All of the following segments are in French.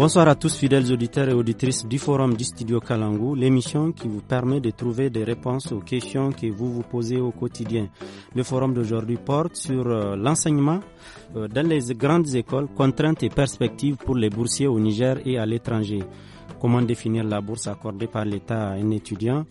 Bonsoir à tous fidèles auditeurs et auditrices du Forum du Studio Kalangou, l'émission qui vous permet de trouver des réponses aux questions que vous vous posez au quotidien. Le forum d'aujourd'hui porte sur euh, l'enseignement euh, dans les grandes écoles, contraintes et perspectives pour les boursiers au Niger et à l'étranger. Comment définir la bourse accordée par l'État à un étudiant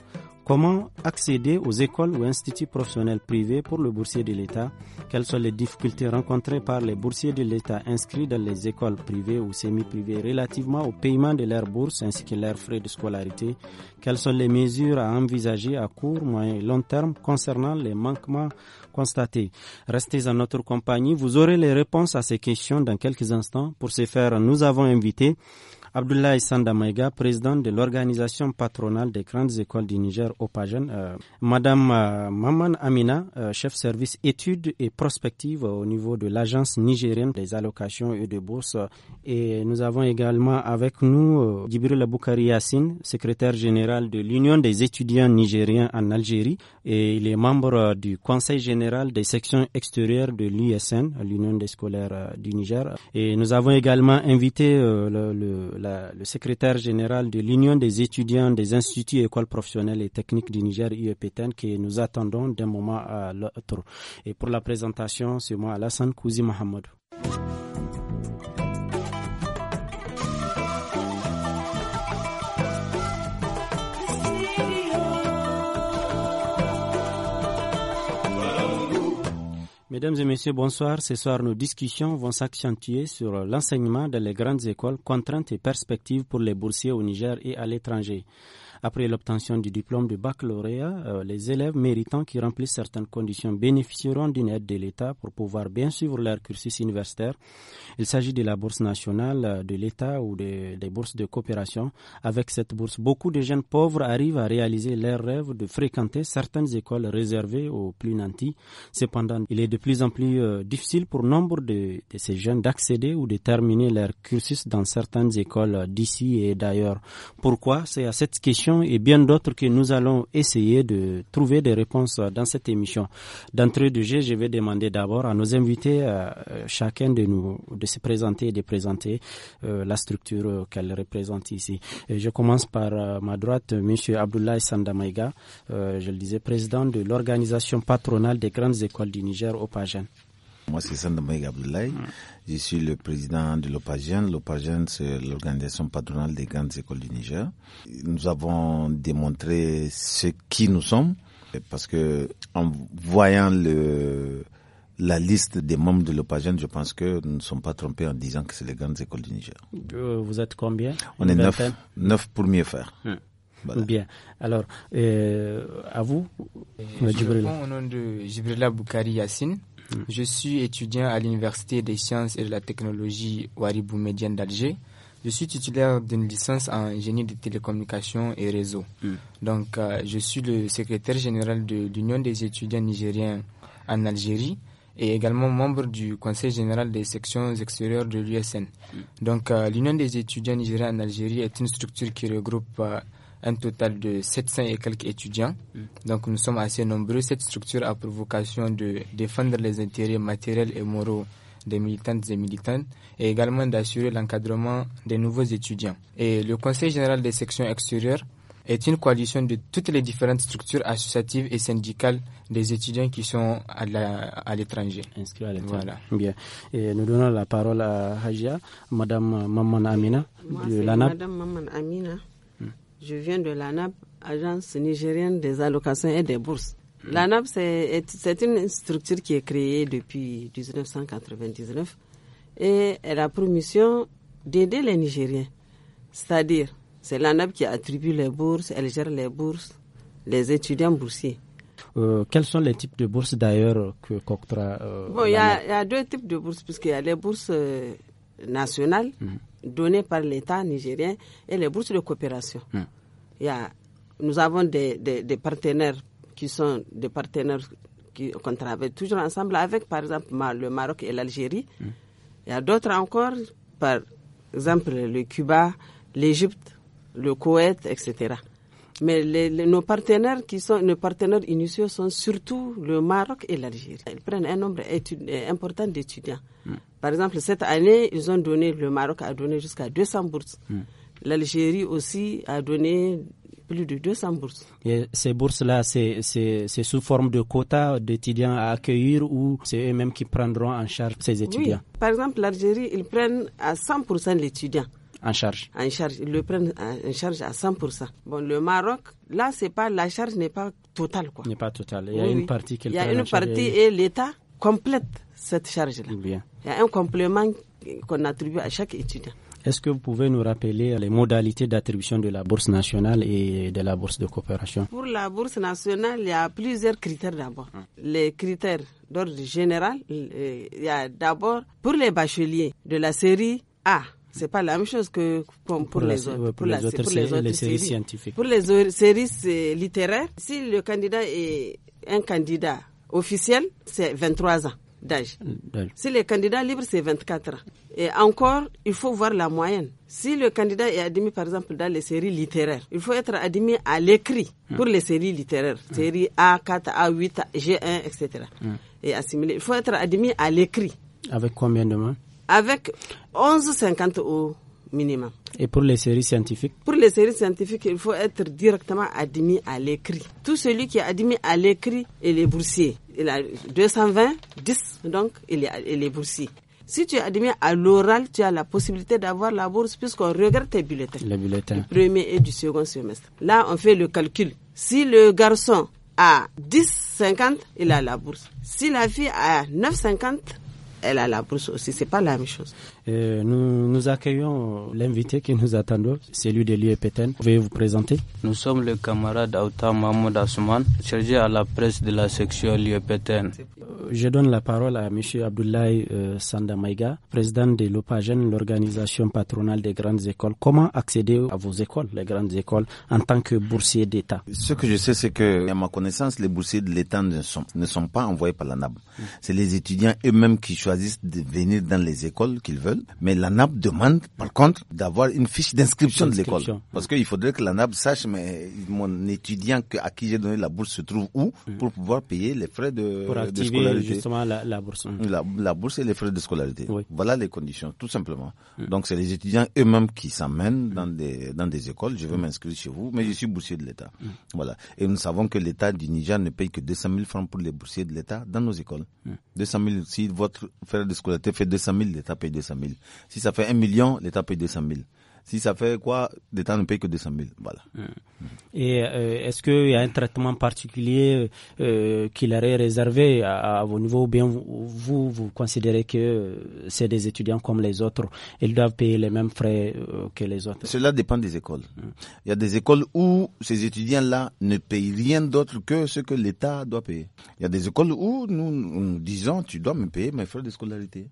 Comment accéder aux écoles ou instituts professionnels privés pour le boursier de l'État Quelles sont les difficultés rencontrées par les boursiers de l'État inscrits dans les écoles privées ou semi-privées relativement au paiement de leurs bourses ainsi que leurs frais de scolarité Quelles sont les mesures à envisager à court, moyen et long terme concernant les manquements constatés Restez à notre compagnie, vous aurez les réponses à ces questions dans quelques instants. Pour ce faire, nous avons invité Abdullah Sanda président de l'organisation patronale des grandes écoles du Niger, OPAGEN. Euh, Madame euh, Maman Amina, chef euh, chef service études et prospectives au niveau de l'agence nigérienne des allocations et de bourses. Et nous avons également avec nous Djibril Aboukari Yassine, secrétaire général de l'Union des étudiants nigériens en Algérie. Et il est membre du Conseil général des sections extérieures de l'USN, l'Union des scolaires du Niger. Et nous avons également invité le, le le secrétaire général de l'Union des étudiants des instituts et écoles professionnelles et techniques du Niger, UEPTN, que nous attendons d'un moment à l'autre. Et pour la présentation, c'est moi Alassane Kouzi Mohamed. Mesdames et messieurs, bonsoir. Ce soir, nos discussions vont s'accentuer sur l'enseignement dans les grandes écoles, contraintes et perspectives pour les boursiers au Niger et à l'étranger. Après l'obtention du diplôme de baccalauréat, euh, les élèves méritants qui remplissent certaines conditions bénéficieront d'une aide de l'État pour pouvoir bien suivre leur cursus universitaire. Il s'agit de la bourse nationale euh, de l'État ou des bourses de coopération. Avec cette bourse, beaucoup de jeunes pauvres arrivent à réaliser leur rêve de fréquenter certaines écoles réservées aux plus nantis. Cependant, il est de plus en plus euh, difficile pour nombre de, de ces jeunes d'accéder ou de terminer leur cursus dans certaines écoles d'ici et d'ailleurs. Pourquoi C'est à cette question et bien d'autres que nous allons essayer de trouver des réponses dans cette émission. D'entrée de jeu, je vais demander d'abord à nos invités, euh, chacun de nous, de se présenter et de présenter euh, la structure euh, qu'elle représente ici. je commence par ma droite, M. Abdoulaye Sandamaïga, je le disais, président de l'organisation patronale des grandes écoles du Niger, OPAGEN. Moi, c'est mm. Je suis le président de l'OPAGEN. L'OPAGEN, c'est l'organisation patronale des grandes écoles du Niger. Nous avons démontré ce qui nous sommes parce que en voyant le, la liste des membres de l'OPAGEN, je pense que nous ne sommes pas trompés en disant que c'est les grandes écoles du Niger. Euh, vous êtes combien On est neuf, neuf pour mieux faire. Mm. Bien. Alors, euh, à vous, euh, Je Jibrila. au nom de Jibrila Boukari Yassine. Mm. Je suis étudiant à l'Université des sciences et de la technologie Waribou Médiane d'Alger. Je suis titulaire d'une licence en génie des télécommunications et réseaux. Mm. Donc, euh, je suis le secrétaire général de l'Union des étudiants nigériens en Algérie et également membre du Conseil général des sections extérieures de l'USN. Mm. Donc, euh, l'Union des étudiants nigériens en Algérie est une structure qui regroupe euh, un total de 700 et quelques étudiants. Mm. Donc nous sommes assez nombreux. Cette structure a pour vocation de défendre les intérêts matériels et moraux des militantes et militantes et également d'assurer l'encadrement des nouveaux étudiants. Et le Conseil général des sections extérieures est une coalition de toutes les différentes structures associatives et syndicales des étudiants qui sont à l'étranger. Inscrits à l'étranger. Voilà. Bien. Et nous donnons la parole à Hajia, Madame Maman Amina de l'ANAP. Madame Maman Amina. Je viens de l'ANAP, Agence nigérienne des allocations et des bourses. L'ANAP, c'est une structure qui est créée depuis 1999 et elle a pour mission d'aider les Nigériens. C'est-à-dire, c'est l'ANAP qui attribue les bourses, elle gère les bourses, les étudiants boursiers. Euh, quels sont les types de bourses d'ailleurs que Coctra euh, Bon, il y, a deux types de bourses, puisqu'il y a les bourses euh, nationales mm. par l'État nigérien et les bourses de coopération. Mm. Il y a, nous avons des, des, partenaires qui sont des partenaires qui travaille toujours ensemble avec, par exemple, le Maroc et l'Algérie. Mm. Il y a d'autres encore, par exemple, le Cuba, l'Égypte, le Koweït, etc. Mais nos partenaires qui sont nos partenaires initiaux sont surtout le Maroc et l'Algérie. Ils prennent un nombre euh, important d'étudiants. Hmm. Par exemple, cette année, ils ont donné le Maroc a donné jusqu'à 200 bourses. Hmm. L'Algérie aussi a donné plus de 200 bourses. Et ces bourses-là, c'est sous forme de quotas d'étudiants à accueillir ou c'est eux-mêmes qui prendront en charge ces étudiants oui. Par exemple, l'Algérie, ils prennent à 100% l'étudiant en charge. En charge, ils le prennent en charge à 100%. Bon, le Maroc, là, c'est pas la charge n'est pas totale quoi. N'est pas totale. Il y a une partie Il y a une partie et, l'État complète cette charge-là. Il y a un complément qu'on attribue à chaque étudiant. Est-ce que vous pouvez nous rappeler les modalités d'attribution de la bourse nationale et de la bourse de coopération Pour la bourse nationale, il y a plusieurs critères d'abord. Hein. Les critères d'ordre général, euh, il y a d'abord pour les bacheliers de la série A, c'est pas la même chose que pour, les, autres, pour, les, autres, pour les, séries, scientifiques. Pour les séries littéraires, si le candidat est un candidat officiel, c'est 23 ans d'âge. Si le candidat libre, c'est 24 ans. Et encore, il faut voir la moyenne. Si le candidat est admis, par exemple, dans les séries littéraires, il faut être admis à l'écrit hum. pour les séries littéraires, hum. Série séries A, 4, A, 8, G1, etc. Et assimilé. Il faut être admis à l'écrit. Avec combien de mains avec 11,50 au minimum. Et pour les séries scientifiques Pour les séries scientifiques, il faut être directement admis à l'écrit. Tout celui qui est admis à l'écrit, il est boursier. Il a 220, 10, donc il est, il est boursier. Si tu es admis à l'oral, tu as la possibilité d'avoir la bourse puisqu'on regarde tes bulletins. Les bulletins. Du premier et du second semestre. Là, on fait le calcul. Si le garçon a 10,50, il a la bourse. Si la fille a 9,50, elle a la bourse aussi, c'est pas la même chose nous, accueillons l'invité qui nous attend, celui de l'UEPTN. Veuillez vous présenter. Nous sommes le camarade Aouta Mahmoud Asuman, chargé à la presse de la section l'UEPTN. Euh, je donne la parole à M. Abdoulaye euh, Sandamaïga, président de l'OPAGEN, l'organisation patronale des grandes écoles. Comment accéder à vos écoles, les grandes écoles, en tant que boursier d'État Ce que je sais, c'est que, à ma connaissance, les boursiers de l'État ne sont, ne sont pas envoyés par la NAB. Mm. C'est les étudiants eux-mêmes qui choisissent de venir dans les écoles qu'ils veulent mais la l'ANAP demande par contre d'avoir une fiche d'inscription de l'école. Parce qu'il faudrait que la l'ANAP sache, mais mon étudiant à qui j'ai donné la bourse se trouve où pour pouvoir payer les frais de, scolarité. justement la, bourse. Hum. La, bourse et les frais de scolarité. Voilà les conditions, tout simplement. Hum. Donc c'est les étudiants eux-mêmes qui s'emmènent hum. dans des, écoles. Je veux m'inscrire chez vous, mais je suis boursier de l'État. Voilà. Et nous savons que l'État du Niger ne paye que 200 000 francs pour les boursiers de l'État dans nos écoles. 200 000, si votre frère de scolarité fait 200 000, l'État paye 200 000. Si ça fait 1 million, l'État paye 200 000. Si ça fait quoi, l'État ne paye que 200 000. Voilà. Mm-hmm. Et euh, est-ce qu'il y a un traitement particulier euh, qui réservé à, vos niveaux ou bien vous, vous considérez que euh, c'est des étudiants comme les autres Ils doivent payer les mêmes frais euh, que les autres Cela dépend des écoles. Mm. Il y a des écoles où ces étudiants-là ne payent rien d'autre que ce que l'État doit payer. Il y a des écoles où nous, nous disons tu dois me payer mes frais de scolarité.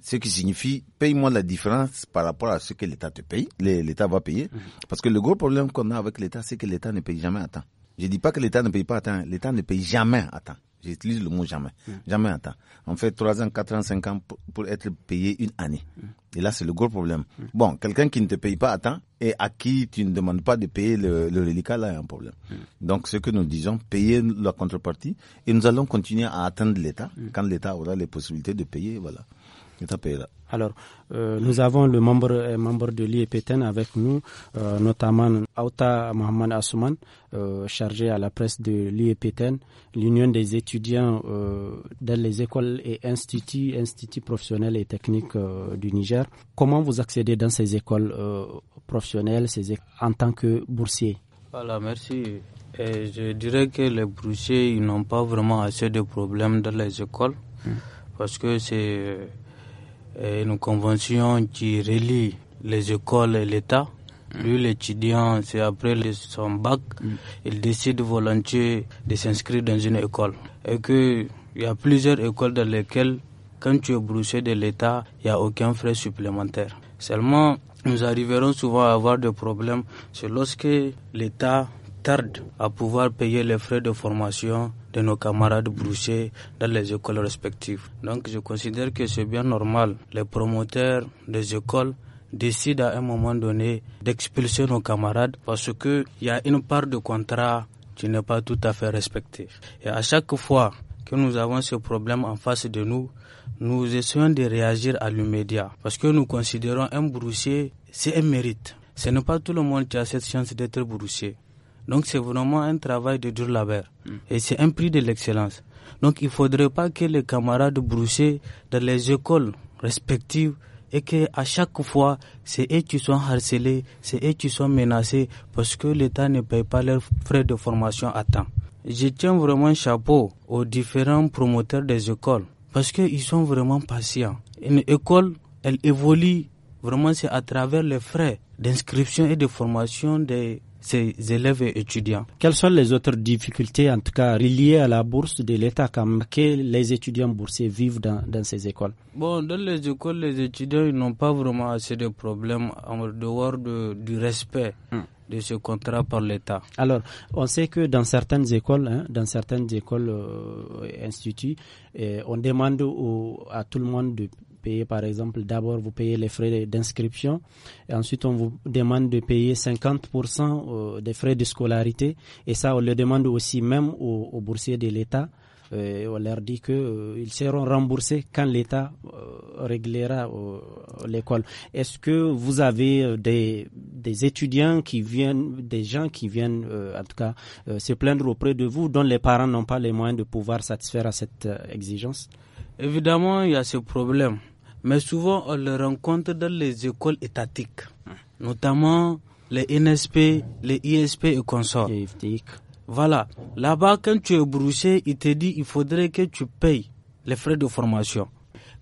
Ce qui signifie, paye-moi la différence par rapport à ce que l'État te paye, l'État va payer. Mm-hmm. Parce que le gros problème qu'on a avec l'État, c'est que l'État ne paye jamais à temps. Je ne dis pas que l'État ne paye pas à temps, l'État ne paye jamais à temps. J'utilise le mot jamais. Mm-hmm. Jamais à temps. On fait 3 ans, 4 ans, 5 ans pour, être payé une année. Mm-hmm. Et là, c'est le gros problème. Bon, quelqu'un qui ne te paye pas à temps et à qui tu ne demandes pas de payer le, le reliquat, là, il y a un problème. Donc, ce que nous disons, payer la contrepartie et nous allons continuer à attendre l'État quand l'État aura les possibilités de payer. Voilà. Alors, euh, nous avons le membre, euh, membre de l'IEPTEN avec nous, euh, notamment Aouta Mohamed Assouman, chargé à la presse de l'IEPTEN, l'Union des étudiants dans les écoles et instituts, instituts professionnels et techniques du Niger. Comment vous accédez dans ces écoles professionnelles en tant que boursier Voilà, merci. je dirais que les boursiers n'ont pas vraiment assez de problèmes dans les écoles hmm. parce que c'est une convention qui relie les écoles et l'État. Mm. Lui, l'étudiant, c'est après son bac, mm. il décide volontiers de s'inscrire dans une école. Et qu'il y a plusieurs écoles dans lesquelles, quand tu es broussé de l'État, il n'y a aucun frais supplémentaire. Seulement, nous arriverons souvent à avoir des problèmes, c'est lorsque l'État tarde à pouvoir payer les frais de formation de nos camarades broussés dans les écoles respectives. Donc je considère que c'est bien normal. Les promoteurs des écoles décident à un moment donné d'expulser nos camarades parce qu'il y a une part de contrat qui n'est pas tout à fait respectée. Et à chaque fois que nous avons ce problème en face de nous, nous essayons de réagir à l'immédiat parce que nous considérons un broussier, c'est un mérite. Ce n'est pas tout le monde qui a cette chance d'être broussier. Donc c'est vraiment un travail de dur labeur. Et c'est un prix de l'excellence. Donc il ne faudrait pas que les camarades broussaient dans les écoles respectives et que à chaque fois, c'est eux qui sont harcelés, c'est eux qui sont menacés parce que l'État ne paye pas leurs frais de formation à temps. Je tiens vraiment un chapeau aux différents promoteurs des écoles parce qu'ils sont vraiment patients. Une école, elle évolue vraiment, c'est à travers les frais d'inscription et de formation des ces élèves et étudiants. Quelles sont les autres difficultés, en tout cas reliées à la bourse de l'État, que les étudiants boursiers vivent dans, dans ces écoles Bon, dans les écoles, les étudiants n'ont pas vraiment assez de problèmes en dehors de, du respect. Hmm. de ce contrat par l'État. Alors, on sait que dans certaines écoles, hein, dans certaines écoles, et euh, instituts, eh, on demande à tout le monde de, payez par exemple, d'abord vous payez les frais d'inscription, et ensuite on vous demande de payer 50% euh, des frais de scolarité, et ça on le demande aussi même aux, boursiers de l'État. Euh, on leur dit qu'ils euh, seront remboursés quand l'État réglera l'école. Est-ce que vous avez des, des, étudiants qui viennent, des gens qui viennent en tout cas se plaindre auprès de vous, dont les parents n'ont pas les moyens de pouvoir satisfaire à cette exigence Évidemment, il y a ce problème mais souvent on le rencontre dans les écoles étatiques, notamment les NSP, les ISP et consorts. Voilà, là-bas quand tu es broussé, il te dit il faudrait que tu payes les frais de formation.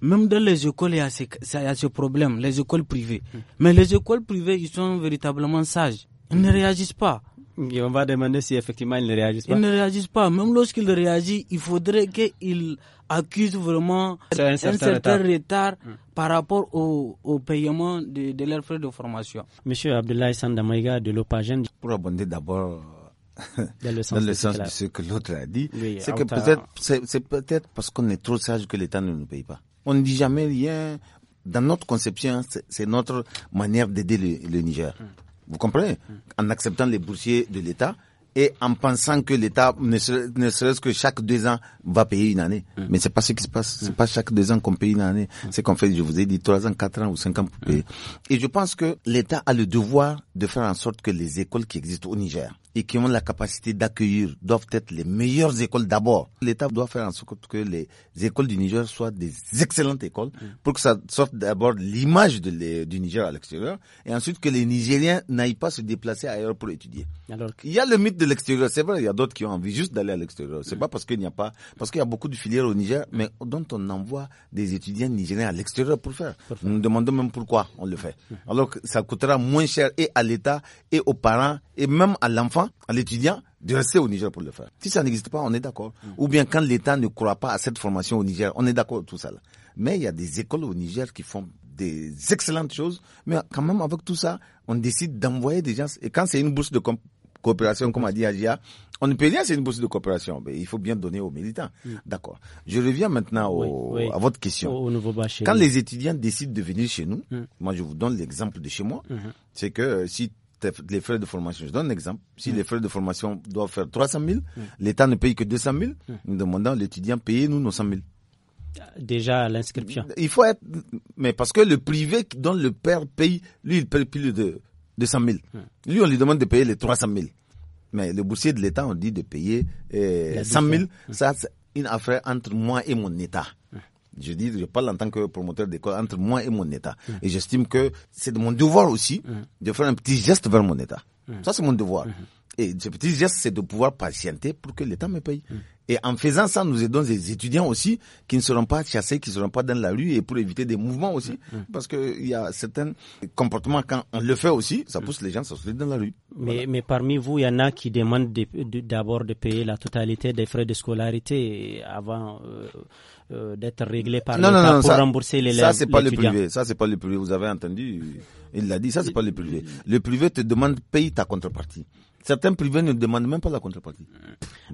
Même dans les écoles, il y a ce, il y a ce problème, les écoles privées. Hmm. Mais les écoles privées, ils sont véritablement sages. Ils ne réagissent pas on va demander si effectivement ils ne réagissent pas. Ils ne réagissent pas. Même lorsqu'ils réagissent, il faudrait qu'ils accusent vraiment un certain, retard, hmm. par rapport au, paiement de, leurs frais de formation. Monsieur Abdoulaye Sandamaïga de l'OPAGEN. Pour abonder d'abord dans le sens, de ce que l'autre a dit, c'est que peut-être, c'est peut-être parce qu'on est trop sage que l'État ne nous paye pas. On ne dit jamais rien. Dans notre conception, c'est notre manière d'aider le, Niger. Hmm. Vous comprenez En acceptant les boursiers de l'État et en pensant que l'État, ne serait-ce que chaque deux ans, va payer une année. Mm. Mais c'est pas ce qui se passe. C'est mm. pas chaque deux ans qu'on paye une année. Mm. C'est qu'en fait, je vous ai dit, trois ans, quatre ans ou cinq ans pour payer. Et je pense que l'État a le devoir de faire en sorte que les écoles qui existent au Niger, et qui ont la capacité d'accueillir doivent être les meilleures écoles d'abord. L'État doit faire en sorte que les écoles du Niger soient des excellentes écoles mm. pour que ça sorte d'abord l'image du Niger à l'extérieur et ensuite que les Nigériens n'aillent pas se déplacer ailleurs pour étudier. Alors, il y a le mythe de l'extérieur, c'est vrai, il y a d'autres qui ont envie juste d'aller à l'extérieur. C'est mm. pas parce qu'il n'y a pas, parce qu'il y a beaucoup de filières au Niger, mais dont on envoie des étudiants nigériens à l'extérieur pour faire. Nous nous demandons même pourquoi on le fait. Mm. Alors que ça coûtera moins cher et à l'État et aux parents et même à l'enfant à l'étudiant, de rester au Niger pour le faire. Si ça n'existe pas, on est d'accord. Mm. Ou bien quand l'État ne croit pas à cette formation au Niger, on est d'accord tout ça. Mais il y a des écoles au Niger qui font des excellentes choses, mais quand même avec tout ça, on décide d'envoyer des gens. Et quand c'est une bourse de coopération, comme a dit Agia, on ne peut rien, c'est une bourse de coopération, mais il faut bien donner aux militants. Mm. D'accord. Je reviens maintenant à votre question. Quand les étudiants décident de venir chez nous, mm. moi je vous donne l'exemple de chez moi, mm-hmm. c'est que si les frais de formation. Je donne un exemple. Si mm. les frais de formation doivent faire 300 000, mm. l'État ne paye que 200 000. Mm. Nous demandons à l'étudiant, payer nous nos 100 000. Déjà l'inscription. Il faut être, mais parce que le privé dont le père paye, lui, il paye plus de 200 000. Lui, on lui demande de payer les 300 000. Mais le boursier de l'État, on dit de payer 100 euh, 000. Ça, c'est une affaire entre moi et mon État je dis, je parle en tant que promoteur d'école entre moi et mon État. Mm. Et j'estime que c'est de mon devoir aussi mm. de faire un petit geste vers mon État. Mm. Ça, c'est mon devoir. Mm-hmm. Et ce petit geste, c'est de pouvoir patienter pour que l'État me paye. Mm. Et en faisant ça, nous aidons les étudiants aussi qui ne seront pas chassés, qui ne seront pas dans la rue et pour éviter des mouvements aussi. Mm. Mm. Parce qu'il y a certains comportements, quand on le fait aussi, ça pousse les gens à sortir dans la rue. Mais, parmi vous, il y en a qui demandent d'abord de, payer la totalité des frais de scolarité avant euh, euh, d'être réglé par l'État pour rembourser les Ça, c'est pas le privé. Ça, c'est pas le privé. Vous avez entendu, il l'a dit, ça, c'est pas le privé. Le privé te demande paye ta contrepartie. Certains privés ne demandent même pas la contrepartie.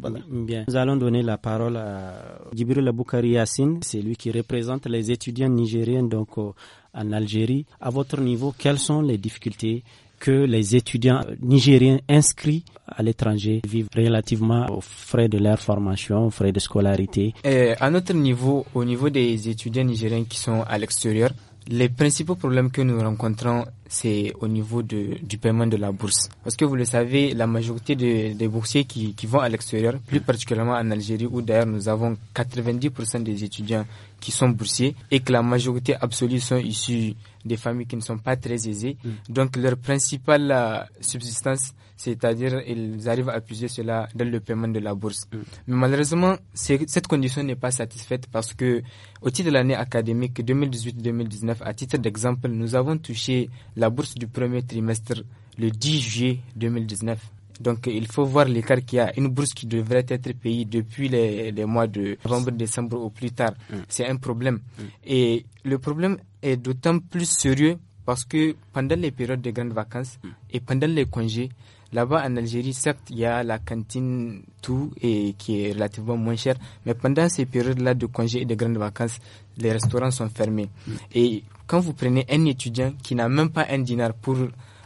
Mm. Bien. Nous allons donner la parole à Djibril Aboukari Yassine. C'est lui qui représente les étudiants nigériens donc, euh, en Algérie. À votre niveau, quelles sont les difficultés que les étudiants nigériens inscrits à l'étranger vivent relativement aux frais de leur formation, aux frais de scolarité. Et à notre niveau, au niveau des étudiants nigériens qui sont à l'extérieur, les principaux problèmes que nous rencontrons, c'est au niveau du paiement de la bourse. Parce que vous le savez, la majorité des boursiers qui, vont à l'extérieur, plus particulièrement en Algérie, où d'ailleurs nous avons 90% des étudiants qui sont boursiers et que la majorité absolue sont issus des familles qui ne sont pas très aisées. Mm. Donc leur principale euh, subsistance, c'est-à-dire ils arrivent à appuyer cela dans le paiement de la bourse. Mm. Mais malheureusement, cette condition n'est pas satisfaite parce que au titre de l'année académique 2018-2019, à titre d'exemple, nous avons touché la bourse du premier trimestre le 10 juillet 2019. Donc il faut voir l'écart qu'il y a. Une bourse qui devrait être payée depuis les, les mois de novembre, décembre ou plus tard, mm. c'est un problème. Mm. Et le problème est d'autant plus sérieux parce que pendant les périodes de grandes vacances et pendant les congés, Là-bas, en Algérie, certes, il y a la cantine, tout, et qui est relativement moins chère. Mais pendant ces périodes-là de congés et de grandes vacances, les restaurants sont fermés. Et quand vous prenez un étudiant qui n'a même pas un dinar pour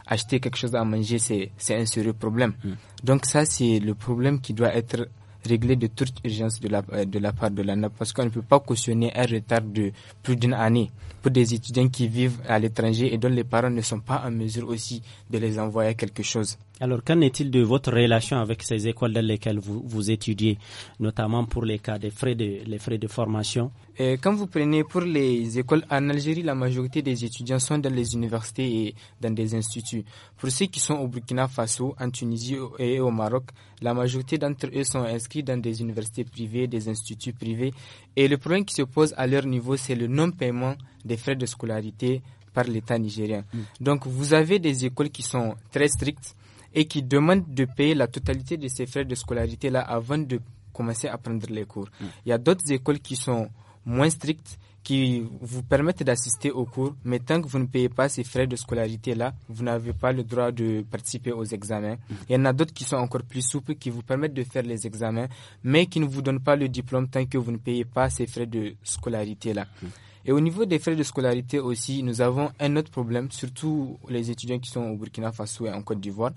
acheter quelque chose à manger, c'est un sérieux problème. Mm. Donc ça, c'est le problème qui doit être réglé de toute urgence de la, euh, de la part de l'ANAP parce qu'on ne peut pas cautionner un retard de plus d'une année pour des étudiants qui vivent à l'étranger et dont les parents ne sont pas en mesure aussi de les envoyer quelque chose. Alors, qu'en est-il de votre relation avec ces écoles dans lesquelles vous, étudiez, notamment pour les cas des frais de, les frais de formation euh, Quand vous prenez pour les écoles en Algérie, la majorité des étudiants sont dans les universités et dans des instituts. Pour ceux qui sont au Burkina Faso, en Tunisie et au Maroc, la majorité d'entre eux sont inscrits dans des universités privées, des instituts privés. Et le problème qui se pose à leur niveau, c'est le non-paiement des frais de scolarité par l'État nigérien. Mm. Donc, vous avez des écoles qui sont très strictes et qui demandent de payer la totalité de ces frais de scolarité là avant de commencer à prendre les cours. Mm. Il y a d'autres écoles qui sont moins strictes qui vous permettent d'assister aux cours, mais tant que vous ne payez pas ces frais de scolarité-là, vous n'avez pas le droit de participer aux examens. Mm. Il y en a d'autres qui sont encore plus souples, qui vous permettent de faire les examens, mais qui ne vous donnent pas le diplôme tant que vous ne payez pas ces frais de scolarité-là. Mm. Et au niveau des frais de scolarité aussi, nous avons un autre problème, surtout les étudiants qui sont au Burkina Faso et en Côte d'Ivoire,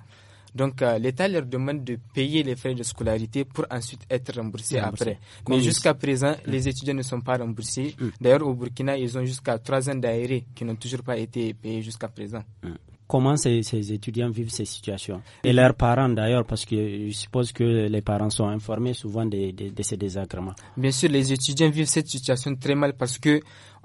donc euh, l'État leur demande de payer les frais de scolarité pour ensuite être remboursés remboursé. après. Mais jusqu'à présent, mm. les étudiants ne sont pas remboursés. Mm. D'ailleurs, au Burkina, ils ont jusqu'à trois ans d'aéré qui n'ont toujours pas été payés jusqu'à présent. Mm. comment ces, étudiants vivent ces situations et leurs parents d'ailleurs parce que je suppose que les parents sont informés souvent de, de, ces désagréments. Bien sûr, les étudiants vivent cette situation très mal parce que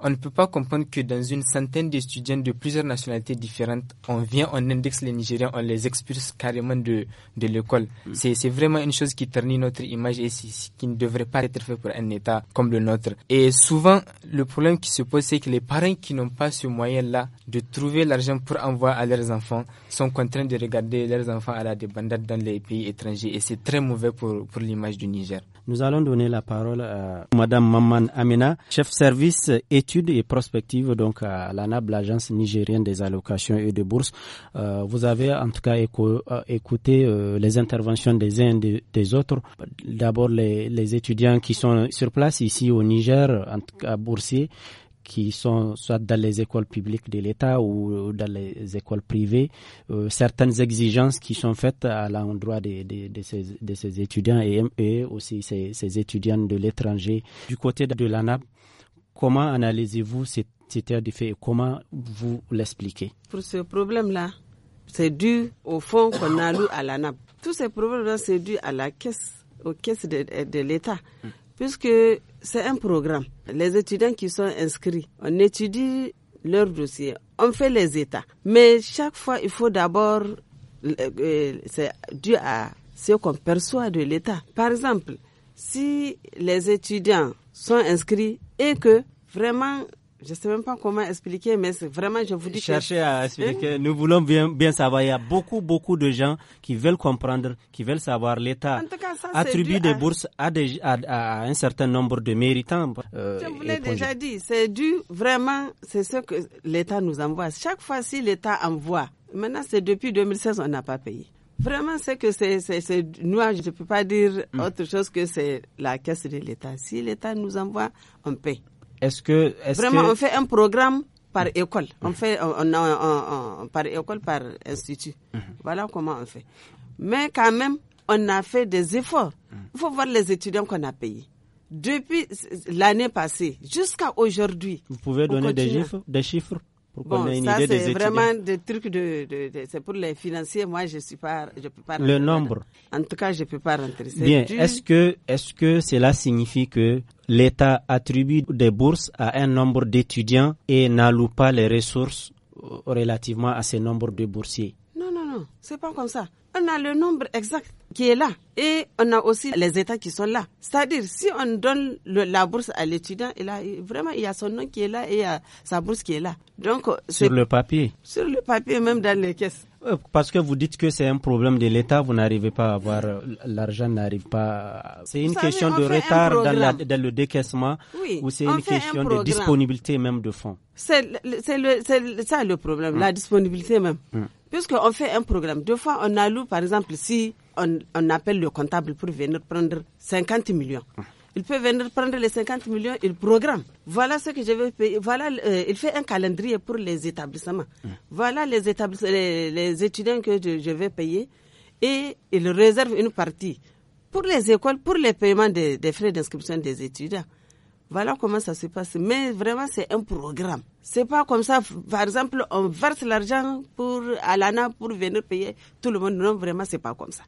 on ne peut pas comprendre que dans une centaine d'étudiants de plusieurs nationalités différentes, on vient, on indexe les Nigériens, on les expulse carrément de, de l'école. C'est C'est vraiment une chose qui ternit notre image et qui ne devrait pas être fait pour un État comme le nôtre. Et souvent, le problème qui se pose, c'est que les parents qui n'ont pas ce moyen-là de trouver l'argent pour envoyer à leurs enfants sont contraints de regarder leurs enfants à la débandade dans les pays étrangers et c'est très mauvais pour, pour l'image du Niger. Nous allons donner la parole à Madame Maman Amina, chef service études et prospectives donc à l'ANAB, l'agence nigérienne des allocations et des bourses. Euh, vous avez en tout cas euh, écouté euh, les interventions des uns et des autres. D'abord les, les, étudiants qui sont sur place ici au Niger, en tout cas boursiers, qui sont soit dans les écoles publiques de l'État ou dans les écoles privées, euh, certaines exigences qui sont faites à l'endroit de, ces, étudiants et, aussi ces, étudiants de l'étranger. Du côté de l'ANAP comment analysez-vous ces état de fait et comment vous l'expliquez Pour ce problème-là, c'est dû au fond qu'on alloue à l'ANAP Tous ces problèmes-là, c'est dû à la caisse, aux caisses de, l'État. Mm. Puisque c'est un programme. Les étudiants qui sont inscrits, on étudie leur dossier, on fait les états. Mais chaque fois, il faut d'abord, euh, euh, c'est dû à ce qu'on perçoit de l'état. Par exemple, si les étudiants sont inscrits et que vraiment je ne sais même pas comment expliquer, mais vraiment, je vous dis Cherchez que... à hein? expliquer. Nous voulons bien, bien savoir. Il y a beaucoup, beaucoup de gens qui veulent comprendre, qui veulent savoir. L'État attribue des bourses à, des, à, à, un certain nombre de méritants. Euh, je vous l'ai déjà dit. C'est dû vraiment, c'est ce que l'État nous envoie. Chaque fois, si l'État envoie, maintenant, c'est depuis 2016, on n'a pas payé. Vraiment, c'est que c'est, c'est, je ne peux pas dire hmm. autre chose que c'est la caisse de l'État. Si l'État nous envoie, on paye. Est-ce que. Vraiment, on fait un programme par école. On fait on, par école, par institut. Mhm. Voilà comment on fait. Mais quand même, on a fait des efforts. Il faut voir les étudiants qu'on a payés. Depuis l'année passée jusqu'à aujourd'hui. Vous pouvez donner des chiffres, des chiffres ça C'est vraiment des trucs de, de, c'est pour les financiers. Moi, je suis pas, je peux pas. Le nombre. En tout cas, je peux pas rentrer. Bien. Est-ce que, est-ce que cela signifie que l'État attribue des bourses à un nombre d'étudiants et n'alloue pas les ressources euh, relativement à ce nombre de boursiers? non, c'est pas comme ça. On a le nombre exact qui est là et on a aussi les États qui sont là. C'est-à-dire, si on donne la bourse à l'étudiant, il a, vraiment, il y a son nom qui est là et sa bourse qui est là. Donc, sur le papier. Sur le papier, même dans les caisses. Euh, parce que vous dites que c'est un problème de l'État, vous n'arrivez pas à avoir, euh, l'argent n'arrive pas. C'est une question de retard dans, le décaissement ou c'est une question de disponibilité même de fonds. C'est ça le problème, la hum. disponibilité même. Hum. Puisqu'on fait un programme, deux fois, on alloue, par exemple, si on, appelle le comptable pour venir prendre 50 millions. Hum. Il peut venir prendre les 50 millions, il programme. Voilà ce que je vais payer. Voilà, euh, il fait un calendrier pour les établissements. Hum. Voilà les, les, étudiants que je, vais payer. Et il réserve une partie pour les écoles, pour les paiements des frais d'inscription des étudiants. Voilà comment ça se passe. Mais vraiment, c'est un programme. C'est pas comme ça. Par exemple, on verse l'argent pour à l'ANA pour venir payer tout le monde. Non, vraiment, c'est pas comme ça.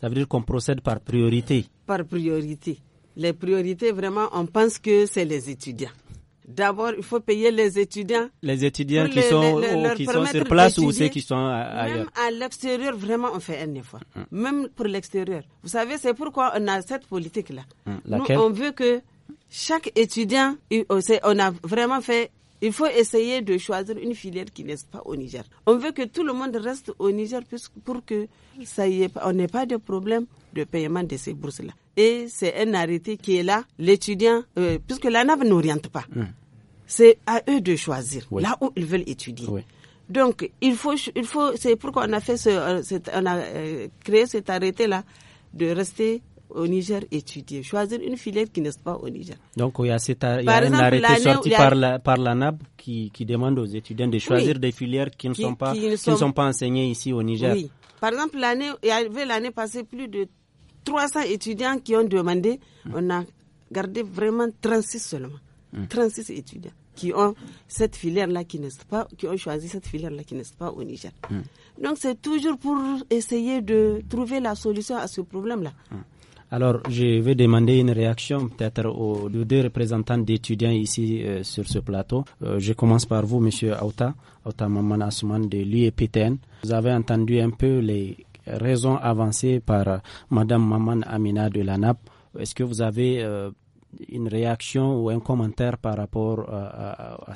Ça veut dire qu'on procède par priorité. Par priorité. Les priorités, vraiment, on pense que c'est les étudiants. D'abord, il faut payer les étudiants. Les étudiants qui, sont, qui sont sur place ou ceux qui sont ailleurs. Même à l'extérieur, vraiment, on fait un effort. Hum. Même pour l'extérieur. Vous savez, c'est pourquoi on a cette politique-là. Hum, on veut que chaque étudiant, on a vraiment fait il faut essayer de choisir une filière qui n'est pas au Niger. On veut que tout le monde reste au Niger pour que ça y est, on n'ait pas de problème de paiement de ces bourses-là. Et c'est un arrêté qui est là. L'étudiant, euh, puisque la NAV n'oriente pas, hum. c'est à eux de choisir là où ils veulent étudier. Donc, il faut, il faut, c'est pourquoi on a fait ce, euh, on a euh, créé cet arrêté-là de rester au Niger étudier, choisir une filière qui n'est pas au Niger. Donc il y a, cet, par sorti par, la, NAB qui, qui demande aux étudiants de choisir des filières qui ne, sont pas, qui, ne sont... pas enseignées ici au Niger. Oui. Par exemple, l'année, il y avait l'année passée plus de 300 étudiants qui ont demandé, hmm. on a gardé vraiment 36 seulement, 36 hmm. étudiants qui ont cette filière-là qui n'est pas, qui ont choisi cette filière-là qui n'est pas au Niger. Hmm. Donc c'est toujours pour essayer de trouver la solution à ce problème-là. Alors, je vais demander une réaction peut-être aux deux représentants d'étudiants ici euh, sur ce plateau. Euh, je commence par vous, Monsieur Aouta, Aouta Maman Asman de l'UEPTN. Vous avez entendu un peu les raisons avancées par euh, Madame Maman Amina de l'ANAP. Est-ce que vous avez une réaction ou un commentaire par rapport à, à,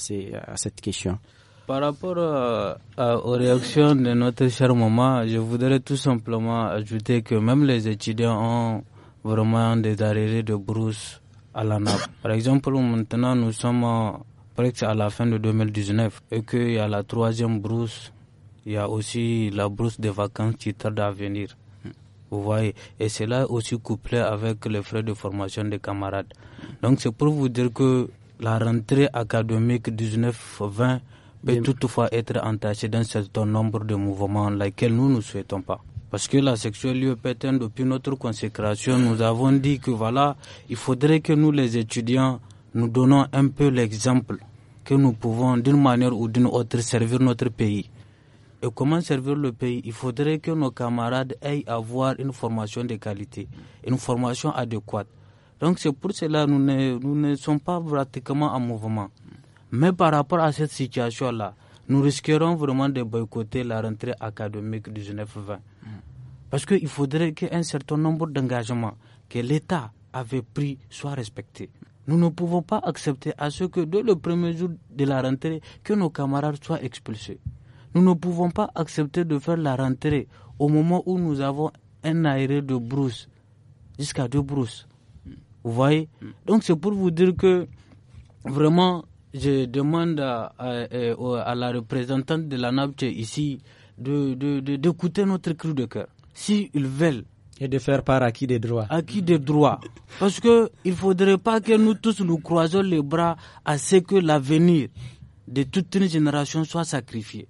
cette question par rapport aux réactions de notre cher maman, je voudrais tout simplement ajouter que même les étudiants ont vraiment des arrêts de brousse à la nappe. Par exemple, maintenant, nous sommes presque à la fin de 2019 et qu'il y a la troisième brousse. Il y a aussi la brousse des vacances qui tarde à venir. Vous voyez, et cela aussi couplé avec les frais de formation des camarades. Donc c'est pour vous dire que la rentrée académique 19-20 peut toutefois être entachée d'un certain nombre de mouvements, lesquels nous ne souhaitons pas. Parce que la section lieu-pétain, depuis notre consécration, nous avons dit que voilà, il faudrait que nous, les étudiants, nous donnons un peu l'exemple que nous pouvons, d'une manière ou d'une autre, servir notre pays. Et comment servir le pays Il faudrait que nos camarades aient avoir une formation de qualité, une formation adéquate. Donc c'est pour cela que nous ne, sommes pas pratiquement en mouvement. Mais par rapport à cette situation-là, nous risquerons vraiment de boycotter la rentrée académique 19-20. Parce qu'il faudrait qu'un certain nombre d'engagements que l'État avait pris soient respectés. Nous ne pouvons pas accepter à ce que dès le premier jour de la rentrée, que nos camarades soient expulsés. Nous ne pouvons pas accepter de faire la rentrée au moment où nous avons un aéré de brousse, jusqu'à deux brousses. Vous voyez Donc c'est pour vous dire que vraiment, je demande à, euh, la représentante de la NAPTE ici d'écouter de, notre cri de cœur s'ils veulent. Et de faire part qui des droits. qui des droits. Parce que il ne faudrait pas que nous tous nous croisons les bras à ce que l'avenir de toute une génération soit sacrifié.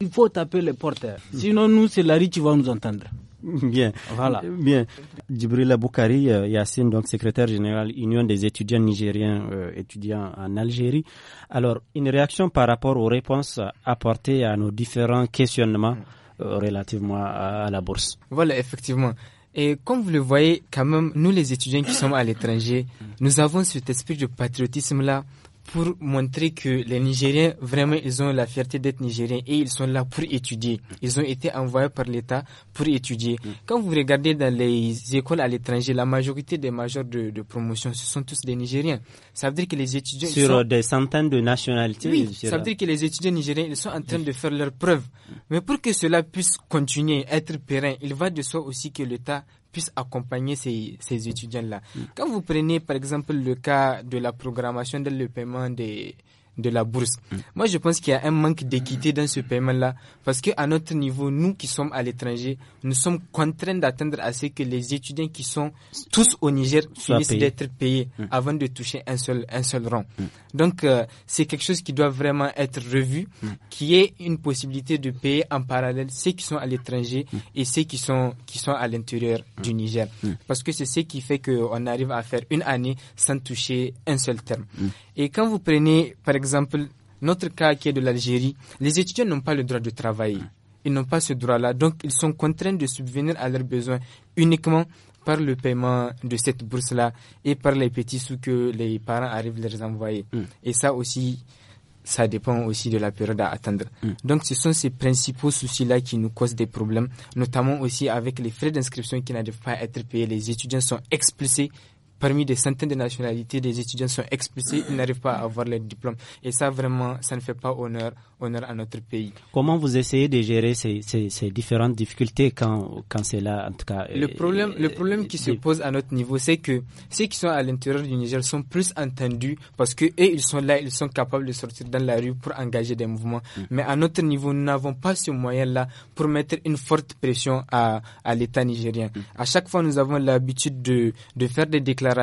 Il faut taper les porteurs. Sinon, nous, c'est Larry qui va nous entendre. Bien. Voilà. Bien. Djibrila Boukari euh, Yassine, donc secrétaire général Union des étudiants nigériens euh, étudiants en Algérie. Alors, une réaction par rapport aux réponses apportées à nos différents questionnements. Euh, relativement à, la bourse. Voilà, effectivement. Et comme vous le voyez, quand même, nous les étudiants qui sommes à l'étranger, nous avons cet esprit de patriotisme-là pour montrer que les Nigériens, vraiment, ils ont la fierté d'être Nigériens et ils sont là pour étudier. Ils ont été envoyés par l'État pour étudier. Mm. Quand vous regardez dans les écoles à l'étranger, la majorité des majors de, promotion, ce sont tous des Nigériens. Ça veut dire que les étudiants... Sur des centaines de nationalités. Oui, ça veut dire que les étudiants nigériens, ils sont en train de faire leurs preuves. Mais pour que cela puisse continuer, être pérenne, il va de soi aussi que l'État puisse accompagner ces, ces étudiants-là. Mm. Quand vous prenez par exemple le cas de la programmation de le paiement des, de la bourse. Mm. Moi, je pense qu'il y a un manque d'équité dans ce paiement-là, parce que à notre niveau, nous qui sommes à l'étranger, nous sommes contraints d'attendre à ce que les étudiants qui sont tous au Niger finissent d'être payés mm. avant de toucher un seul un seul rang. Mm. Donc, euh, c'est quelque chose qui doit vraiment être revu, qui est une possibilité de payer en parallèle ceux qui sont à l'étranger et ceux qui sont qui sont à l'intérieur du Niger, parce que c'est ce qui fait qu'on arrive à faire une année sans toucher un seul terme. Et quand vous prenez, par exemple, notre cas qui est de l'Algérie, les étudiants n'ont pas le droit de travailler. Ils n'ont pas ce droit-là. Donc, ils sont contraints de subvenir à leurs besoins uniquement par le paiement de cette bourse-là et par les petits sous que les parents arrivent à leur envoyer. Hmm. Et ça aussi, ça dépend aussi de la période à attendre. Hmm. Donc, ce sont ces principaux soucis-là qui nous causent des problèmes, notamment aussi avec les frais d'inscription qui doivent pas à être payés. Les étudiants sont expulsés parmi des centaines de nationalités, des étudiants sont expulsés, ils n'arrivent pas à avoir leur diplôme. Et ça, vraiment, ça ne fait pas honneur, honneur à notre pays. Comment vous essayez de gérer ces, différentes difficultés quand, quand c'est là, en tout cas Le euh, problème, le problème qui se pose à notre niveau, c'est que ceux qui sont à l'intérieur du Niger sont plus entendus parce que et ils sont là, ils sont capables de sortir dans la rue pour engager des mouvements. Mm. Mais à notre niveau, nous n'avons pas ce moyen-là pour mettre une forte pression à, à l'État nigérien. Mm. À chaque fois, nous avons l'habitude de faire des déclarations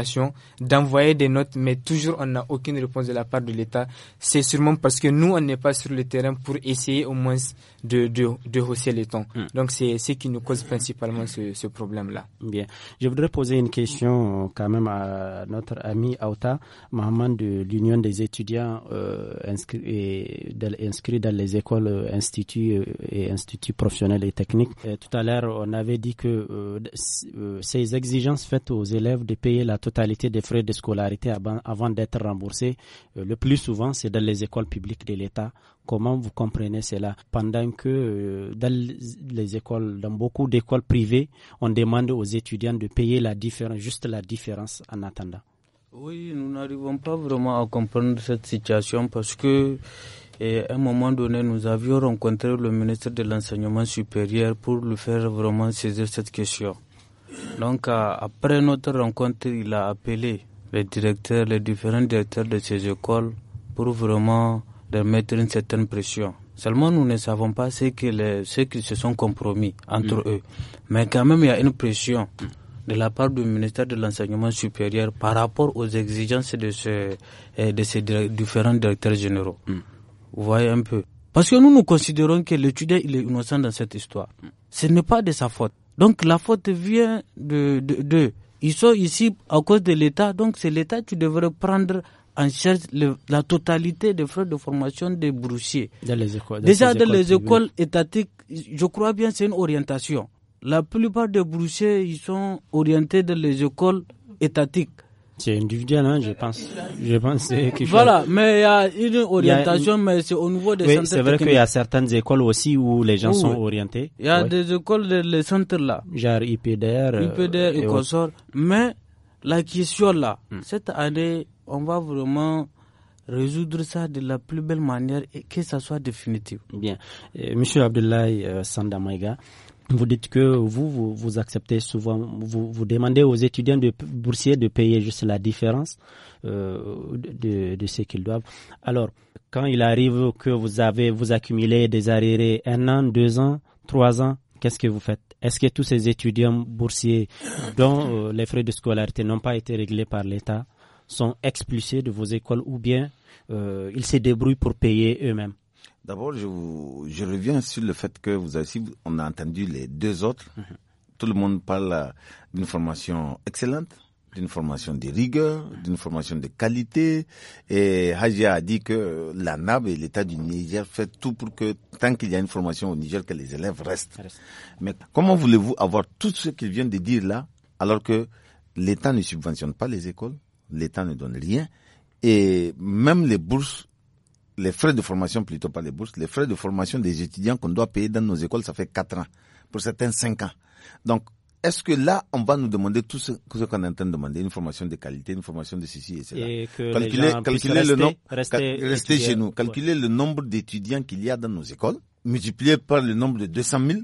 d'envoyer des notes, mais toujours on n'a aucune réponse de la part de l'État. C'est sûrement parce que nous, on n'est pas sur le terrain pour essayer au moins de, de, hausser les temps. Hmm. Donc c'est ce qui nous cause principalement ce, ce problème-là. Bien. Je voudrais poser une question euh, quand même à notre ami Aouta Mohamed de l'Union des étudiants euh, inscrits, dans les écoles, euh, instituts et instituts professionnels et techniques. tout à l'heure, on avait dit que ces exigences faites aux élèves de payer la totalité des frais de scolarité avant d'être remboursés. Euh, le plus souvent, c'est dans les écoles publiques de l'État. Comment vous comprenez cela Pendant que euh, dans les écoles, dans beaucoup d'écoles privées, on demande aux étudiants de payer la différence, juste la différence en attendant. Oui, nous n'arrivons pas vraiment à comprendre cette situation parce que à un moment donné, nous avions rencontré le ministre de l'Enseignement supérieur pour lui faire vraiment saisir cette question. Donc euh, après notre rencontre, il a appelé les directeurs, les différents directeurs de ces écoles pour vraiment leur mettre une certaine pression. Seulement, nous ne savons pas ce qu'ils ceux qui se sont compromis entre mm. eux. Mais quand même, il y a une pression de la part du ministère de l'Enseignement supérieur par rapport aux exigences de, ce, euh, de ces différents directeurs généraux. Mm. Vous voyez un peu. Parce que nous, nous considérons que l'étudiant, il est innocent dans cette histoire. Ce n'est pas de sa faute. Donc la faute vient de d'eux. De. Ils sont ici à cause de l'État, donc c'est l'État qui devrait prendre en charge la totalité des frais de formation des brouchers. Dans les écoles, Déjà dans les écoles étatiques, je crois bien c'est une orientation. La plupart des brouchers ils sont orientés dans les écoles étatiques c'est individuel, hein, je pense. Je pense que voilà, mais il y a une orientation, mais c'est au niveau des oui, C'est vrai qu'il y a certaines écoles aussi où les gens sont orientés. Il y a des écoles, des centres là. Genre IPDR. Euh, IPDR et, Mais la question là, hmm. cette année, on va vraiment résoudre ça de la plus belle manière et que ça soit définitif. Bien. Euh, monsieur Abdoulaye euh, vous dites que vous, vous, acceptez souvent, vous, vous, demandez aux étudiants de boursiers de payer juste la différence euh, de, ce qu'ils doivent. Alors, quand il arrive que vous avez, vous accumulez des arriérés un an, deux ans, trois ans, qu'est-ce que vous faites Est-ce que tous ces étudiants boursiers dont euh, les frais de scolarité n'ont pas été réglés par l'État sont expulsés de vos écoles ou bien euh, ils se débrouillent pour payer eux-mêmes D'abord, je, je reviens sur le fait que vous avez, on a entendu les deux autres, mhm. tout le monde parle euh, d'une formation excellente, d'une formation de rigueur, mhm. d'une formation de qualité. Et Hajia a dit que la NAB et l'État du Niger fait tout pour que, tant qu'il y a une formation au Niger, que les élèves restent. Mais comment voulez-vous avoir tout ce qu'il vient de dire là, alors que l'État ne subventionne pas les écoles, l'État ne donne rien, et même les bourses les frais de formation, plutôt pas les bourses, les frais de formation des étudiants qu'on doit payer dans nos écoles, ça fait 4 ans, pour certains 5 ans. Donc, est-ce que là, on va nous demander tout ce, qu'on est en train de demander, une formation de qualité, une formation de ceci, Et cela calculer, calculer le nombre, rester, chez nous, calculer le nombre d'étudiants qu'il y a dans nos écoles, multiplié par le nombre de 200 000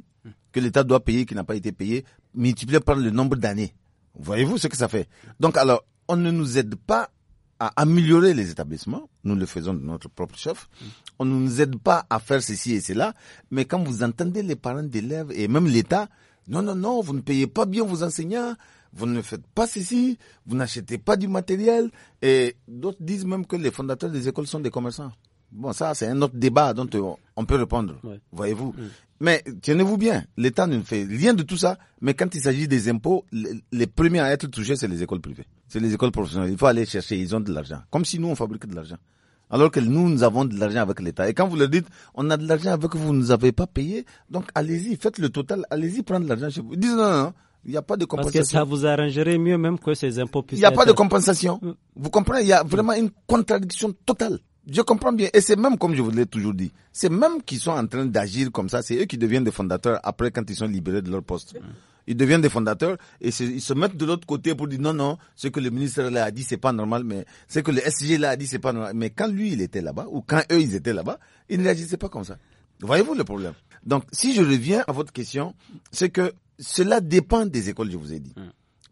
que l'État doit payer, qui n'a pas été payé, multiplié par le nombre d'années. Voyez-vous ce que ça fait Donc alors, on ne nous aide pas à améliorer les établissements. Nous le faisons de notre propre chef. On ne nous aide pas à faire ceci et cela. Mais quand vous entendez les parents d'élèves et même l'État, non, non, non, vous ne payez pas bien vos enseignants, vous ne faites pas ceci, vous n'achetez pas du matériel. Et d'autres disent même que les fondateurs des écoles sont des commerçants. Bon, ça, c'est un autre débat dont on peut répondre, voyez-vous. Mm. Mais tenez-vous bien, l'État ne fait rien de tout ça, mais quand il s'agit des impôts, les premiers à être touchés, c'est les écoles privées. C'est les écoles professionnelles. Il faut aller chercher. Ils ont de l'argent. Comme si nous, on fabriquait de l'argent. Alors que nous, nous avons de l'argent avec l'État. Et quand vous leur dites, on a de l'argent avec vous, vous ne nous avez pas payé, donc allez-y, faites le total, allez-y prendre l'argent chez vous. Ils disent non, non, non, il n'y a pas de compensation. Parce que ça vous arrangerait mieux même que ces impôts Il n'y a pas de compensation. Mm. Vous comprenez, il y a vraiment une contradiction totale. Je comprends bien. Et c'est même, comme je vous l'ai toujours dit, c'est même qu'ils sont en train d'agir comme ça. C'est eux qui deviennent des fondateurs après quand ils sont libérés de leur poste. Mm ils deviennent des fondateurs et ils se mettent de l'autre côté pour dire non, non, ce que le ministre là a dit, c'est pas normal, mais ce que le SG l'a a dit, c'est pas normal. Mais quand lui, il était là-bas, ou quand eux, ils étaient là-bas, ils ne réagissaient pas comme ça. Voyez-vous le problème Donc, si je reviens à votre question, c'est que cela dépend des écoles, je vous ai dit.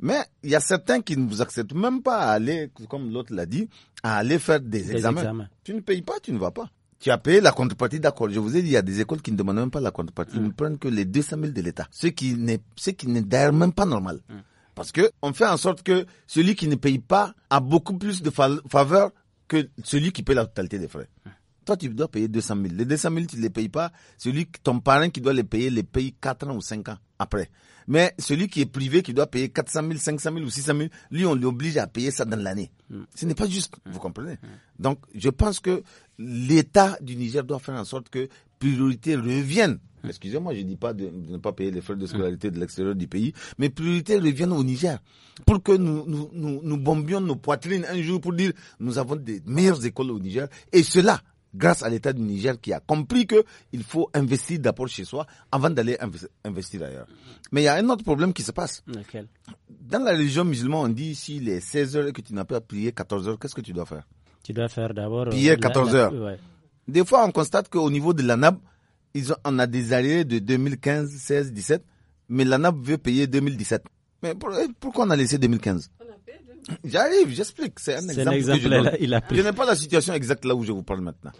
Mais il y a certains qui ne vous acceptent même pas à aller, comme l'autre l'a dit, à aller faire des, examens. Tu ne payes pas, tu ne vas pas tu as payé la contrepartie, d'accord. Je vous ai dit, il y a des écoles qui ne demandent même pas la contrepartie. Ils ne mm. prennent que les 200 000 de l'État. Ce qui n'est, ce qui n'est d'ailleurs même pas normal. Mm. Parce que on fait en sorte que celui qui ne paye pas a beaucoup plus de faveur que celui qui paye la totalité des frais. Mm. Toi, tu dois payer 200 000. Les 200 000, tu ne les payes pas. Celui, ton parent qui doit les payer, les paye 4 ans ou 5 ans après. Mais celui qui est privé, qui doit payer 400 000, 500 000 ou 600 000, lui, on l'oblige à payer ça dans l'année. Hmm. Ce n'est pas juste, hmm. vous comprenez hmm. Donc, je pense que l'État du Niger doit faire en sorte que priorité revienne. Excusez-moi, je ne dis pas de, ne pas payer les frais de scolarité de l'extérieur du pays, mais priorité revienne au Niger pour que nous, nous, nous, nous bombions nos poitrines un jour pour dire nous avons des meilleures écoles au Niger et cela grâce à l'État du Niger qui a compris qu'il faut investir d'abord chez soi avant d'aller investir ailleurs. Mais il y a un autre problème qui se passe. Dans la religion musulmane, on dit si est 16 heures et que tu n'as pas prié 14 heures, qu'est-ce que tu dois faire Tu dois faire d'abord. Prier 14 euh, heures. Des fois, on constate qu'au niveau de l'ANAB, ils on a des arriérés de 2015, 16, 17, mais l'ANAB veut payer 2017. Mais eh, pourquoi on a laissé 2015 J'arrive, j'explique. C'est un exemple. que je, a je n'ai pas la situation exacte là où je vous parle maintenant.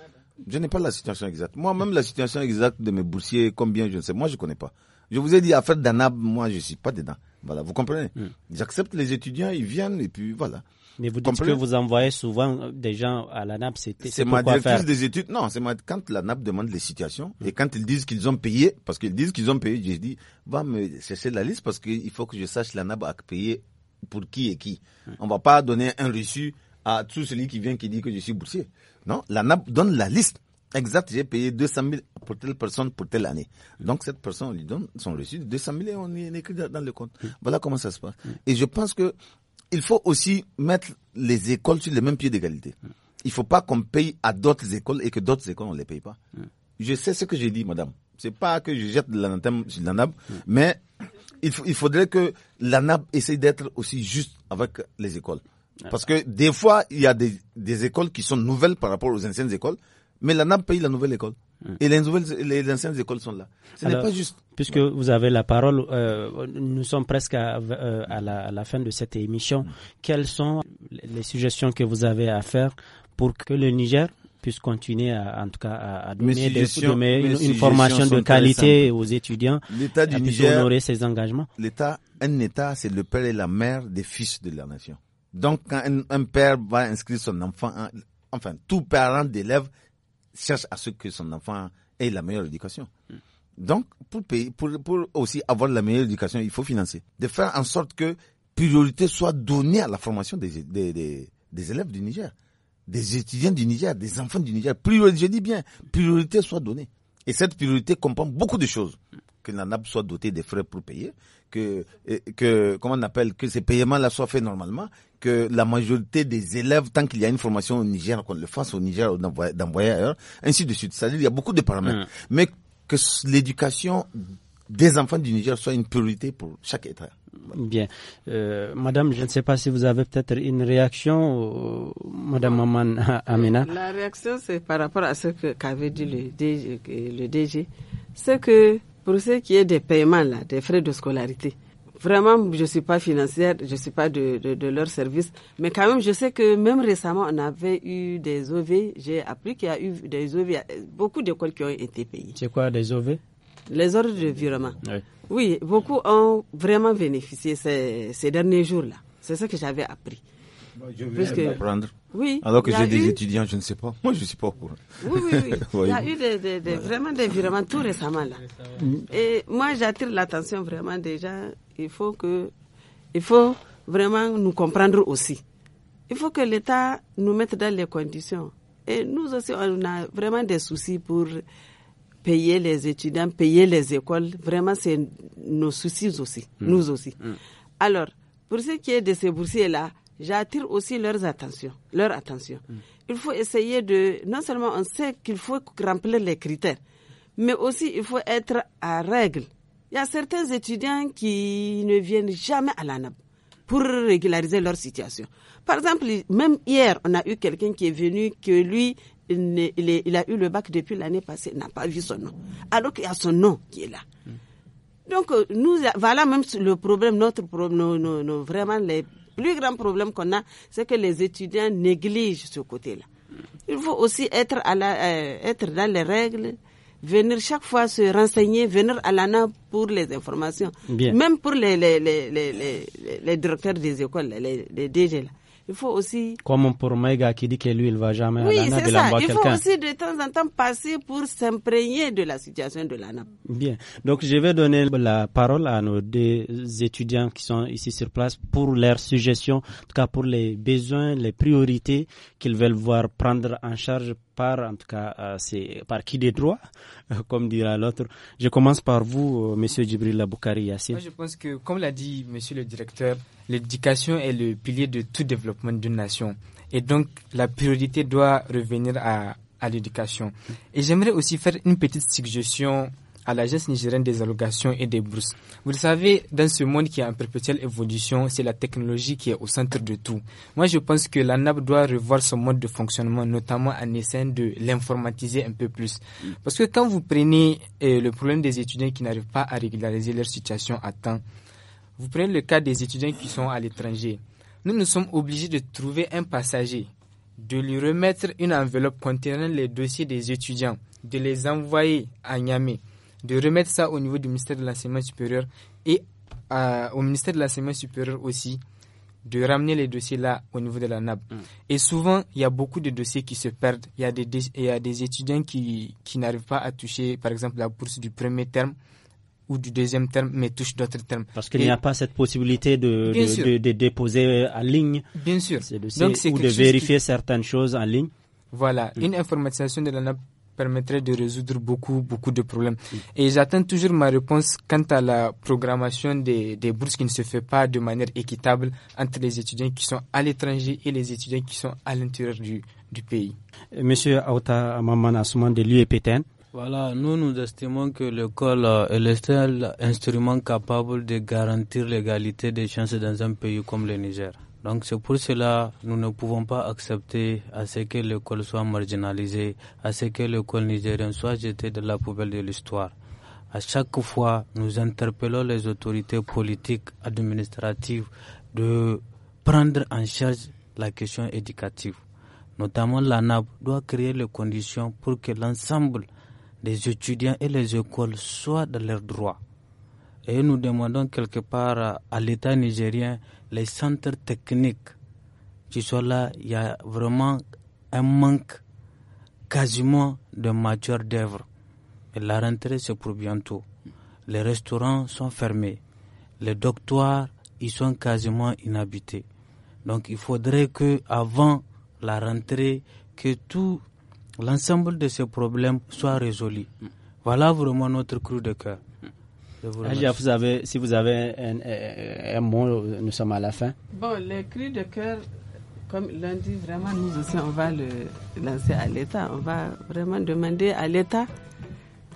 Je n'ai pas la situation exacte. Moi-même, la situation exacte de mes boursiers, combien je ne sais, moi, je ne connais pas. Je vous ai dit, à affaire d'ANAB, moi, je ne suis pas dedans. Voilà, vous comprenez hmm. J'accepte les étudiants, ils viennent, et puis voilà. Mais vous, dites que vous envoyez souvent euh, des gens à l'ANAB, c'était C'est ma directrice des études. Non, c'est ma... quand l'ANAB demande les situations, hmm. et quand ils disent qu'ils ont payé, parce qu'ils disent qu'ils ont payé, je dis, va me chercher la liste, parce qu'il faut que je sache l'ANAB a payé pour qui et qui. On ne va pas donner un reçu à tout celui qui vient qui dit que je suis boursier. Non, la NAP donne la liste exacte. J'ai payé 200 000 pour telle personne pour telle année. Donc cette personne, on lui donne son reçu de 200 000 et on écrit dans le compte. Voilà comment ça se passe. Et je pense que il faut aussi mettre les écoles sur le même pied d'égalité. Il ne faut pas qu'on paye à d'autres écoles et que d'autres écoles, on ne les paye pas. Je sais ce que j'ai dit, madame. C'est pas que je jette de l'anathème sur NAP, mais il, faudrait que l'ANAP essaye d'être aussi juste avec les écoles. Parce que des fois, il y a des, écoles qui sont nouvelles par rapport aux anciennes écoles, mais l'ANAP paye la nouvelle école. Et les, les anciennes écoles sont là. Ce n'est pas juste. Puisque vous avez la parole, euh, nous sommes presque euh, à, la, fin de cette émission. Mm. Quelles sont les suggestions que vous avez à faire pour que le Niger puisse continuer à, en tout cas à, donner une, formation de qualité aux étudiants l'État du Niger honorer ses engagements. L'État, un État, c'est le père et la mère des fils de la nation. Donc quand un, père va inscrire son enfant, enfin tout parent d'élève cherche à ce que son enfant ait la meilleure éducation. Hmm. Donc, pour, payer, pour, aussi avoir la meilleure éducation, il faut financer. De faire en sorte que priorité soit donnée à la formation des, des élèves du Niger des étudiants du Niger, des enfants du Niger. Priorité, je dis bien, priorité soit donnée. Et cette priorité comprend beaucoup de choses. Que l'ANAP soit doté des frais pour payer, que, que, comment on appelle, que ces paiements-là soient faits normalement, que la majorité des élèves, tant qu'il y a une formation au Niger, qu'on le fasse au Niger ou d'envoyer ailleurs, ainsi de suite. il y a beaucoup de paramètres. Mmh. Mais que l'éducation des enfants du Niger soit une priorité pour chaque État. Bien. Euh, madame, je ne sais pas si vous avez peut-être une réaction, euh, Madame Amina. La réaction, c'est par rapport à ce qu'avait dit le DG. Le C'est que pour ce qui est des paiements, là, des frais de scolarité, vraiment, je ne suis pas financière, je ne suis pas de, de, leur service, mais quand même, je sais que même récemment, on avait eu des OV. J'ai appris qu'il y a eu des OV, beaucoup d'écoles qui ont été payées. C'est quoi des OV les ordres de virement. Oui. beaucoup ont vraiment bénéficié ces, derniers jours-là. C'est ça que j'avais appris. je vais Puisque... Oui. Alors que j'ai des étudiants, je ne sais pas. Moi, je ne suis pas pour. Oui, oui, oui. Il y a eu vraiment des virements tout récemment là. Mm. Et moi, j'attire l'attention vraiment déjà. Il faut que, il faut vraiment nous comprendre aussi. Il faut que l'État nous mette dans les conditions. Et nous aussi, on a vraiment des soucis pour payer les étudiants, payer les écoles, vraiment, c'est nos soucis aussi, mm. nous aussi. Mm. Alors, pour ce qui est de ces boursiers-là, j'attire aussi leurs attentions, leur attention. Mm. Il faut essayer de, non seulement on sait qu'il faut remplir les critères, mais aussi il faut être à règle. Il y a certains étudiants qui ne viennent jamais à l'ANAB pour régulariser leur situation. Par exemple, même hier, on a eu quelqu'un qui est venu que lui, il, a eu le bac depuis l'année passée, n'a pas vu son nom. Alors qu'il y a son nom qui est là. Donc, euh, nous, voilà même le problème, notre problème, vraiment les plus grands problèmes qu'on a, c'est que les étudiants négligent ce côté-là. Il faut aussi être, à euh, être dans les règles, venir chaque fois se renseigner, venir à l'ANA pour les informations. Même pour les, les, directeurs des écoles, les, DG. Là il faut aussi... Comme pour Maïga qui dit que lui, il va jamais à Il faut aussi de temps en temps passer pour s'imprégner de la situation de la Bien. Donc, je vais donner la parole à nos deux étudiants qui sont ici sur place pour leurs suggestions, en tout cas pour les besoins, les priorités qu'ils veulent voir prendre en charge par, en tout cas, euh, c'est par qui des droits, comme dira l'autre. Je commence par vous, euh, Monsieur Djibril Aboukari Yassine. je pense que, comme l'a dit Monsieur le directeur, l'éducation est le pilier de tout développement d'une nation. Et donc, la priorité doit revenir à, à l'éducation. Et j'aimerais aussi faire une petite suggestion à l'Agence nigérienne des allocations et des bourses. Vous le savez, dans ce monde qui est en perpétuelle évolution, c'est la technologie qui est au centre de tout. Moi, je pense que la doit revoir son mode de fonctionnement, notamment en essayant de l'informatiser un peu plus. Parce que quand vous prenez euh, le problème des étudiants qui n'arrivent pas à régulariser leur situation à temps, vous prenez le cas des étudiants qui sont à l'étranger. Nous, nous sommes obligés de trouver un passager, de lui remettre une enveloppe contenant les dossiers des étudiants, de les envoyer à Niamey de remettre ça au niveau du ministère de l'enseignement supérieur et euh, au ministère de l'enseignement supérieur aussi de ramener les dossiers là au niveau de la NAB. Mm. Et souvent, il y a beaucoup de dossiers qui se perdent. Il y a des, il y a des étudiants qui, qui n'arrivent pas à toucher, par exemple, la bourse du premier terme ou du deuxième terme, mais touchent d'autres termes. Parce qu'il n'y a pas cette possibilité de, de, de, déposer en ligne bien sûr. Ces dossiers, ou de vérifier certaines choses en ligne. Voilà, mm. une informatisation de la NAB permettrait de résoudre beaucoup, beaucoup de problèmes. Et j'attends toujours ma réponse quant à la programmation des, bourses qui ne se fait pas de manière équitable entre les étudiants qui sont à l'étranger et les étudiants qui sont à l'intérieur du, pays. Monsieur Aouta Amaman de l'UEPTN. Voilà, nous nous estimons que l'école euh, est le seul instrument capable de garantir l'égalité des chances dans un pays comme le Niger. Donc c'est pour cela que nous ne pouvons pas accepter à ce que l'école soit marginalisée, à ce que l'école nigérienne soit jetée de la poubelle de l'histoire. À chaque fois, nous interpellons les autorités politiques, administratives de prendre en charge la question éducative. Notamment, l'ANAB doit créer les conditions pour que l'ensemble des étudiants et les écoles soient dans leurs droits. Et nous demandons quelque part à l'État nigérien les centres techniques qui sont là. Il y a vraiment un manque quasiment de matière d'œuvre. La rentrée, c'est pour bientôt. Les restaurants sont fermés. Les doctoires, ils sont quasiment inhabités. Donc il faudrait que avant la rentrée, que tout l'ensemble de ces problèmes soit résolu. Voilà vraiment notre cru de cœur. Eh si vous avez un, mot, nous sommes à la fin. Bon, les cris de cœur, comme l'on dit, vraiment, nous aussi, on va le lancer à l'État. On va vraiment demander à l'État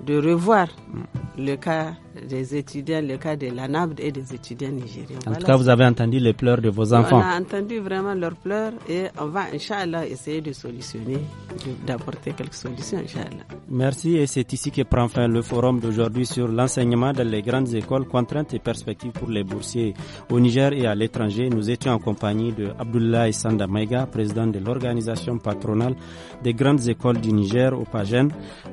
de revoir mm le cas des étudiants, le cas de l'ANABD et des étudiants nigériens. En tout cas, vous avez entendu les pleurs de vos enfants. On a entendu vraiment leurs pleurs et on va, Inch'Allah, essayer de solutionner, d'apporter quelques solutions, Inch'Allah. Merci et c'est ici que prend fin le forum d'aujourd'hui sur l'enseignement dans les grandes écoles, contraintes et perspectives pour les boursiers au Niger et à l'étranger. Nous étions en compagnie de Abdullah Sanda Maïga, président de l'organisation patronale des grandes écoles du Niger au Pagen,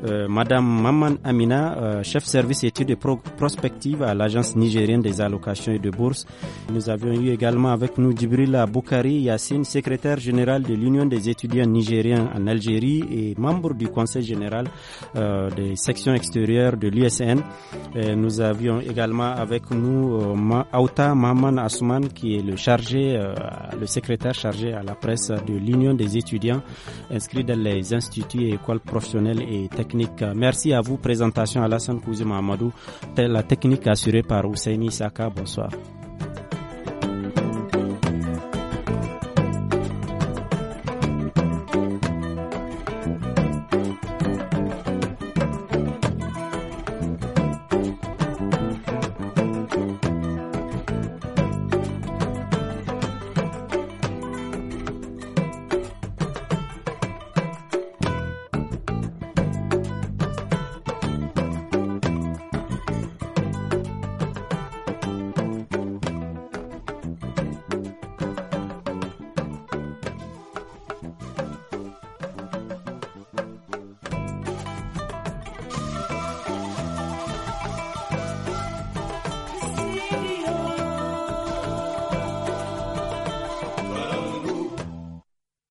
euh, Madame Maman Amina, euh, chef service de étude prospective à l'Agence nigérienne des allocations et de bourses. Nous avions eu également avec nous Djibrila Boukari Yassine, secrétaire général de l'Union des étudiants nigériens en Algérie et membre du Conseil général euh, des sections extérieures de l'USN. Nous avions également avec nous euh, Aouta Maman Asuman, qui est le chargé, euh, le secrétaire chargé à la presse de l'Union des étudiants inscrit dans les instituts et écoles professionnelles et techniques. Merci à vous. Présentation à Alassane Kouzima telle La technique assurée par Ousseini Saka. Bonsoir.